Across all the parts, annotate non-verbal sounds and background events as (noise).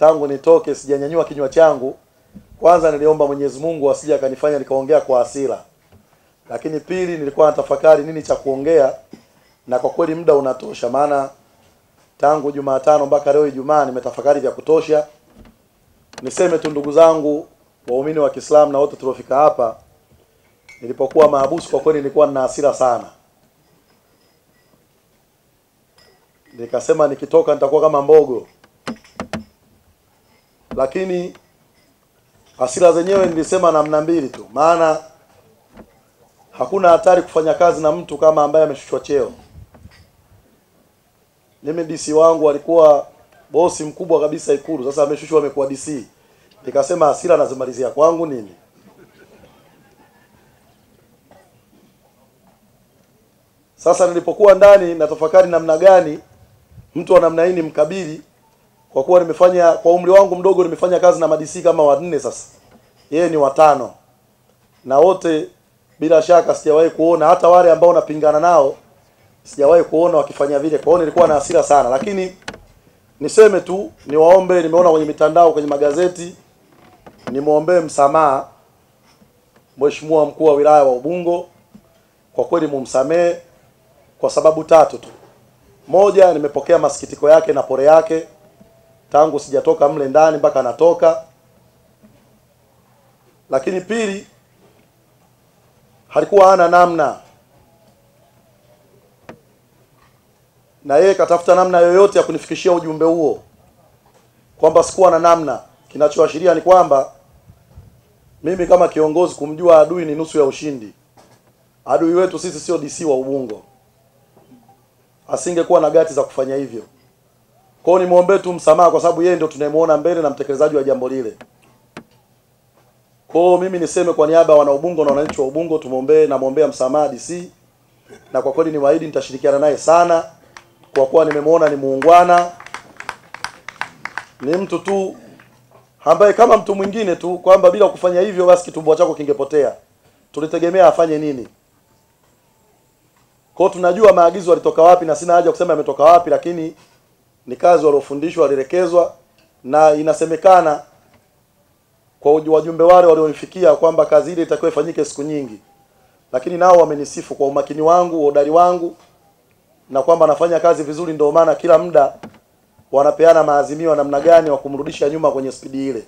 tangu nitoke sijanyanyua kinywa changu. Kwanza niliomba Mwenyezi Mungu asije akanifanya nikaongea kwa hasira, lakini pili nilikuwa natafakari nini cha kuongea, na kwa kweli muda unatosha, maana tangu Jumatano mpaka leo Ijumaa nimetafakari vya kutosha. Niseme tu ndugu zangu waumini wa Kiislamu na wote tuliofika hapa, nilipokuwa maabusu, kwa kweli nilikuwa na hasira sana. Nikasema nikitoka nitakuwa kama mbogo lakini hasira zenyewe nilisema namna mbili tu, maana hakuna hatari kufanya kazi na mtu kama ambaye ameshushwa cheo. Mimi DC wangu alikuwa bosi mkubwa kabisa Ikulu, sasa ameshushwa amekuwa DC, nikasema hasira nazimalizia kwangu nini? Sasa nilipokuwa ndani na tafakari namna gani mtu wa namna hii ni mkabili kwa kuwa nimefanya kwa umri wangu mdogo nimefanya kazi na madisi kama wanne sasa, yeye ni watano, na wote bila shaka sijawahi kuona hata wale ambao napingana nao sijawahi kuona wakifanya vile. Kwa hiyo nilikuwa na hasira sana, lakini niseme tu, niwaombe, nimeona kwenye mitandao, kwenye magazeti, nimwombee msamaha Mheshimiwa mkuu wa wilaya wa Ubungo, kwa kweli mumsamehe kwa sababu tatu tu. Moja, nimepokea masikitiko yake na pore yake tangu sijatoka mle ndani mpaka natoka. Lakini pili, halikuwa hana namna, na yeye katafuta namna yoyote ya kunifikishia ujumbe huo kwamba sikuwa na namna, kinachoashiria ni kwamba mimi kama kiongozi kumjua adui ni nusu ya ushindi. Adui wetu sisi sio DC wa Ubungo, asingekuwa na gati za kufanya hivyo. Kwa hiyo nimwombee tu msamaha, kwa sababu yeye ndio tunayemuona mbele na mtekelezaji wa jambo lile. Kwa mimi niseme kwa niaba ya wana Ubungo na wananchi wa Ubungo, tumwombee, muombea msamaha DC, na kwa kweli niwaahidi nitashirikiana naye sana, kwa kuwa nimemuona ni muungwana, ni mtu tu ambaye kama mtu mwingine tu, kwamba bila kufanya hivyo basi kitumbua chako kingepotea. Tulitegemea afanye nini? Kwa tunajua maagizo yalitoka wapi, na sina haja kusema yametoka wapi, lakini ni kazi waliofundishwa, walielekezwa, na inasemekana kwa wajumbe wale walioifikia kwamba kazi ile itakiwa ifanyike siku nyingi, lakini nao wamenisifu kwa umakini wangu, uhodari wangu na kwamba nafanya kazi vizuri. Ndio maana kila muda wanapeana maazimio namna gani wa kumrudisha nyuma kwenye spidi ile.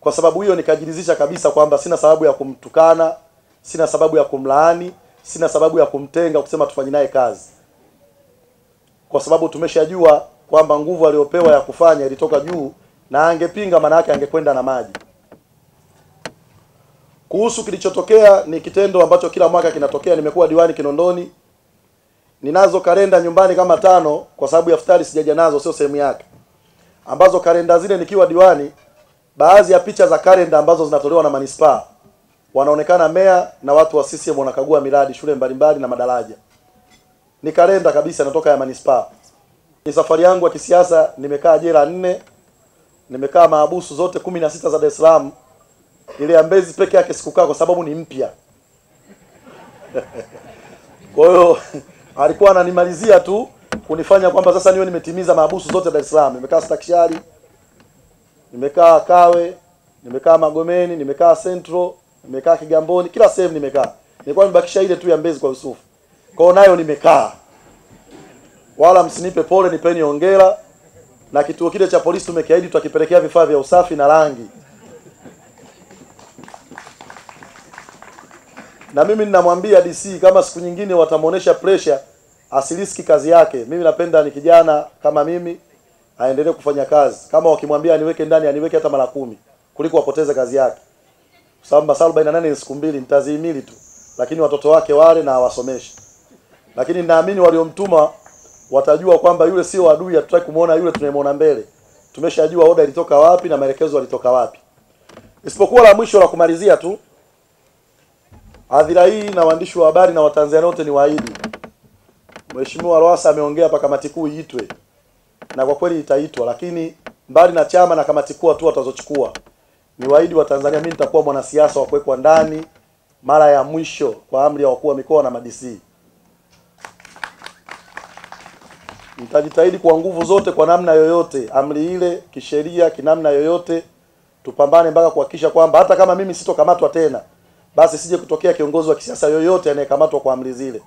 Kwa sababu hiyo nikajiridhisha kabisa kwamba sina sababu ya kumtukana, sina sababu ya kumlaani, sina sababu ya kumtenga kusema tufanyi naye kazi kwa sababu tumeshajua kwamba nguvu aliyopewa ya kufanya ilitoka juu, na angepinga maana yake angekwenda na maji. Kuhusu kilichotokea, ni kitendo ambacho kila mwaka kinatokea. Nimekuwa diwani Kinondoni, ninazo kalenda nyumbani kama tano, kwa sababu ya futari sijaja nazo, sio sehemu yake, ambazo kalenda zile nikiwa diwani, baadhi ya picha za kalenda ambazo zinatolewa na manispaa, wanaonekana meya na watu wa CCM wanakagua miradi shule mbalimbali na madaraja ni kalenda kabisa, natoka ya manispaa. Ni safari yangu ya kisiasa, nimekaa jela nne, nimekaa maabusu zote kumi na sita za Dar es Salaam. Ile ya Mbezi peke yake sikukaa kwa sababu ni mpya (laughs) kwa hiyo (laughs) alikuwa ananimalizia tu kunifanya kwamba sasa niwe nimetimiza maabusu zote Dar es Salaam. Nimekaa Stakishari, nimekaa Kawe, nimekaa Magomeni, nimekaa Central, nimekaa Kigamboni, kila sehemu nimekaa. Nilikuwa nimebakisha ile tu ya Mbezi kwa Yusufu. Kwao nayo nimekaa, wala msinipe pole, nipeni hongera. Na kituo kile cha polisi tumekiahidi tutakipelekea vifaa vya usafi na rangi, na mimi ninamwambia DC kama siku nyingine watamuonesha pressure asiliski kazi yake. Mimi napenda ni kijana kama mimi aendelee kufanya kazi, kama wakimwambia aniweke ndani aniweke hata mara kumi kuliko apoteze kazi yake, kwa sababu masaa 48 ni siku mbili, nitazihimili tu, lakini watoto wake wale na awasomeshe lakini naamini waliomtuma watajua kwamba yule sio adui, hatutaki kumuona yule, tunayemwona mbele. Tumeshajua oda ilitoka wapi na maelekezo yalitoka wapi, isipokuwa la mwisho la kumalizia tu hadhira hii na waandishi wa habari na Watanzania wote ni waahidi, Mheshimiwa Lowassa ameongea hapa kamati kuu iitwe, na kwa kweli itaitwa, lakini mbali na chama na kamati kuu tu watazochukua ni waahidi wa Tanzania, mimi nitakuwa mwanasiasa wa kuwekwa ndani mara ya mwisho kwa amri ya wakuu wa mikoa na ma nitajitahidi kwa nguvu zote, kwa namna yoyote, amri ile kisheria, kinamna yoyote, tupambane mpaka kuhakikisha kwamba hata kama mimi sitokamatwa tena, basi sije kutokea kiongozi wa kisiasa yoyote anayekamatwa kwa amri zile.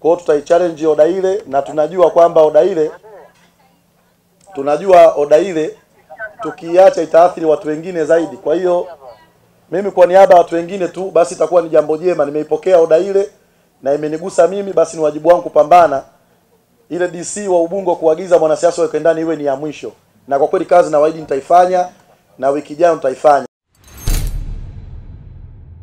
Kwa hiyo tutai challenge oda ile, na tunajua kwamba oda ile tunajua oda ile tukiacha itaathiri watu wengine zaidi. Kwa hiyo mimi kwa niaba ya watu wengine tu, basi itakuwa ni jambo jema. Nimeipokea oda ile na imenigusa mimi, basi ni wajibu wangu kupambana ile DC wa Ubungo kuagiza mwanasiasa wake ndani iwe ni ya mwisho, na kwa kweli kazi na waidi nitaifanya, na wiki jayo nitaifanya.